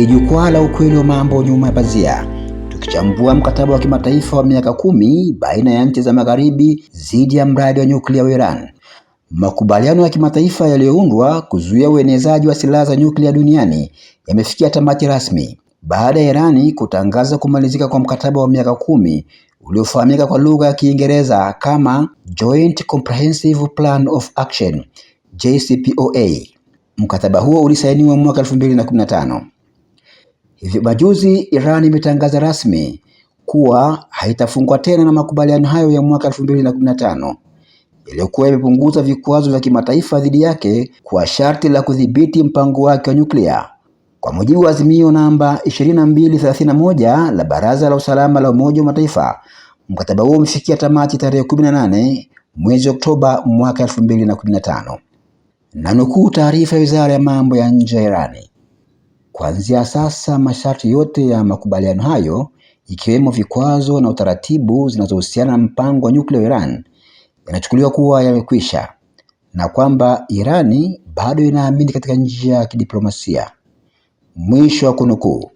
ni jukwaa la ukweli wa mambo nyuma ya pazia, tukichambua mkataba wa kimataifa wa miaka kumi baina ya nchi za Magharibi dhidi ya mradi wa nyuklia wa Iran, makubaliano ya kimataifa yaliyoundwa kuzuia uenezaji wa silaha za nyuklia duniani yamefikia tamati rasmi baada ya Irani kutangaza kumalizika kwa mkataba wa miaka kumi uliofahamika kwa lugha ya Kiingereza kama Joint Comprehensive Plan of Action JCPOA. Mkataba huo ulisainiwa mwaka 2015. Hivi majuzi Iran imetangaza rasmi kuwa haitafungwa tena na makubaliano hayo ya mwaka 2015 yaliyokuwa yamepunguza vikwazo vya kimataifa dhidi yake kwa sharti la kudhibiti mpango wake wa nyuklia kwa mujibu wa azimio namba 2231 la Baraza la Usalama la Umoja wa Mataifa. Mkataba huo umefikia tamati tarehe 18 mwezi Oktoba mwaka 2015. Na nukuu taarifa ya Wizara ya Mambo ya Nje ya Irani, Kuanzia sasa masharti yote ya makubaliano hayo ikiwemo vikwazo na utaratibu zinazohusiana na mpango wa nyuklia wa Iran yanachukuliwa kuwa yamekwisha na kwamba Irani bado inaamini katika njia ya kidiplomasia. Mwisho wa kunukuu.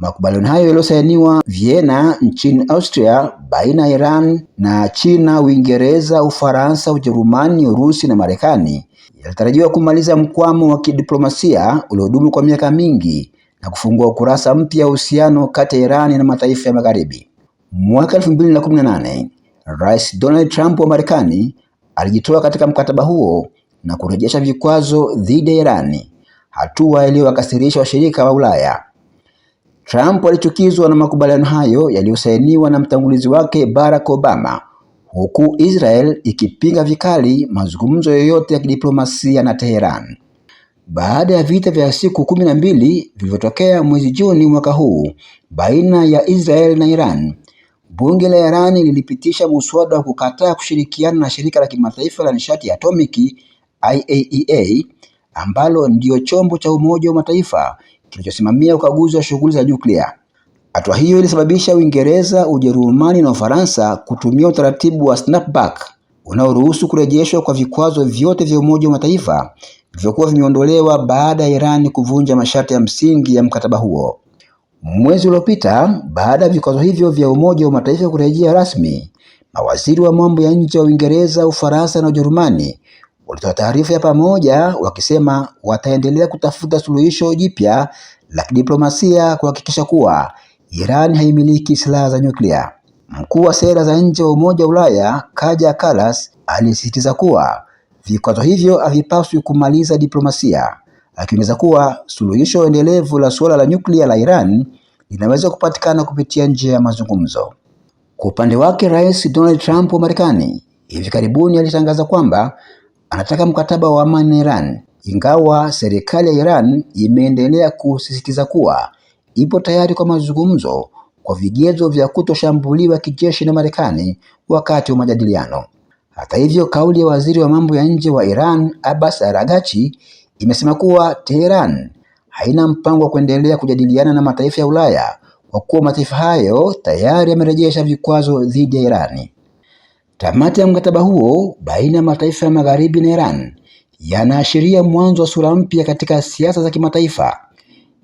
Makubaliano hayo yaliyosainiwa Vienna nchini Austria baina ya Iran na China, Uingereza, Ufaransa, Ujerumani, Urusi na Marekani yalitarajiwa kumaliza mkwamo wa kidiplomasia uliodumu kwa miaka mingi na kufungua ukurasa mpya wa uhusiano kati ya Iran na mataifa ya Magharibi. Mwaka 2018, Rais Donald Trump wa Marekani alijitoa katika mkataba huo na kurejesha vikwazo dhidi ya Iran, hatua iliyowakasirisha washirika wa Ulaya. Trump alichukizwa na makubaliano hayo yaliyosainiwa na mtangulizi wake Barack Obama, huku Israel ikipinga vikali mazungumzo yoyote ya kidiplomasia na Teheran. Baada ya vita vya siku kumi na mbili vilivyotokea mwezi Juni mwaka huu baina ya Israel na Iran, bunge la Iran lilipitisha muswada wa kukataa kushirikiana na shirika la kimataifa la nishati ya atomiki IAEA e ambalo ndiyo chombo cha Umoja wa Mataifa kilichosimamia ukaguzi wa shughuli za nyuklia. Hatua hiyo ilisababisha Uingereza, Ujerumani na Ufaransa kutumia utaratibu wa snapback unaoruhusu kurejeshwa kwa vikwazo vyote vya Umoja wa Mataifa vilivyokuwa vimeondolewa baada ya Irani kuvunja masharti ya msingi ya mkataba huo. Mwezi uliopita, baada ya vikwazo hivyo vya Umoja wa Mataifa kurejea rasmi, mawaziri wa mambo ya nje wa Uingereza, Ufaransa na Ujerumani walitoa taarifa ya pamoja wakisema wataendelea kutafuta suluhisho jipya la kidiplomasia kuhakikisha kuwa Iran haimiliki silaha za nyuklia. Mkuu wa sera za nje wa Umoja wa Ulaya Kaja Kallas alisisitiza kuwa vikwazo hivyo havipaswi kumaliza diplomasia, akiongeza kuwa suluhisho endelevu la suala la nyuklia la Iran linaweza kupatikana kupitia njia ya mazungumzo. Kwa upande wake, Rais Donald Trump wa Marekani hivi karibuni alitangaza kwamba anataka mkataba wa amani Iran, ingawa serikali ya Iran imeendelea kusisitiza kuwa ipo tayari kwa mazungumzo kwa vigezo vya kutoshambuliwa kijeshi na Marekani wakati wa majadiliano. Hata hivyo, kauli ya waziri wa mambo ya nje wa Iran Abbas aragachi imesema kuwa Tehran haina mpango wa kuendelea kujadiliana na mataifa ya Ulaya kwa kuwa mataifa hayo tayari yamerejesha vikwazo dhidi ya Irani. Tamati ya mkataba huo baina ya mataifa ya Magharibi na Iran yanaashiria mwanzo wa sura mpya katika siasa za kimataifa,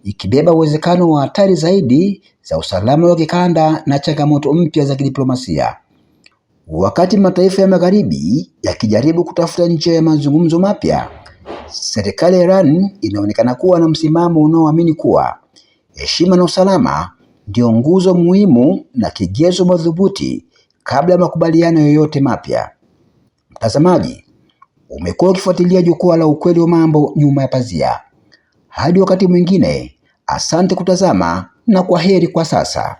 ikibeba uwezekano wa hatari zaidi za usalama wa kikanda na changamoto mpya za kidiplomasia. Wakati mataifa ya Magharibi yakijaribu kutafuta njia ya mazungumzo mapya, serikali ya Iran inaonekana kuwa na msimamo unaoamini kuwa heshima na usalama ndio nguzo muhimu na kigezo madhubuti kabla ya makubaliano yoyote mapya. Mtazamaji, umekuwa ukifuatilia jukwaa la ukweli wa mambo nyuma ya pazia. Hadi wakati mwingine, asante kutazama na kwaheri kwa sasa.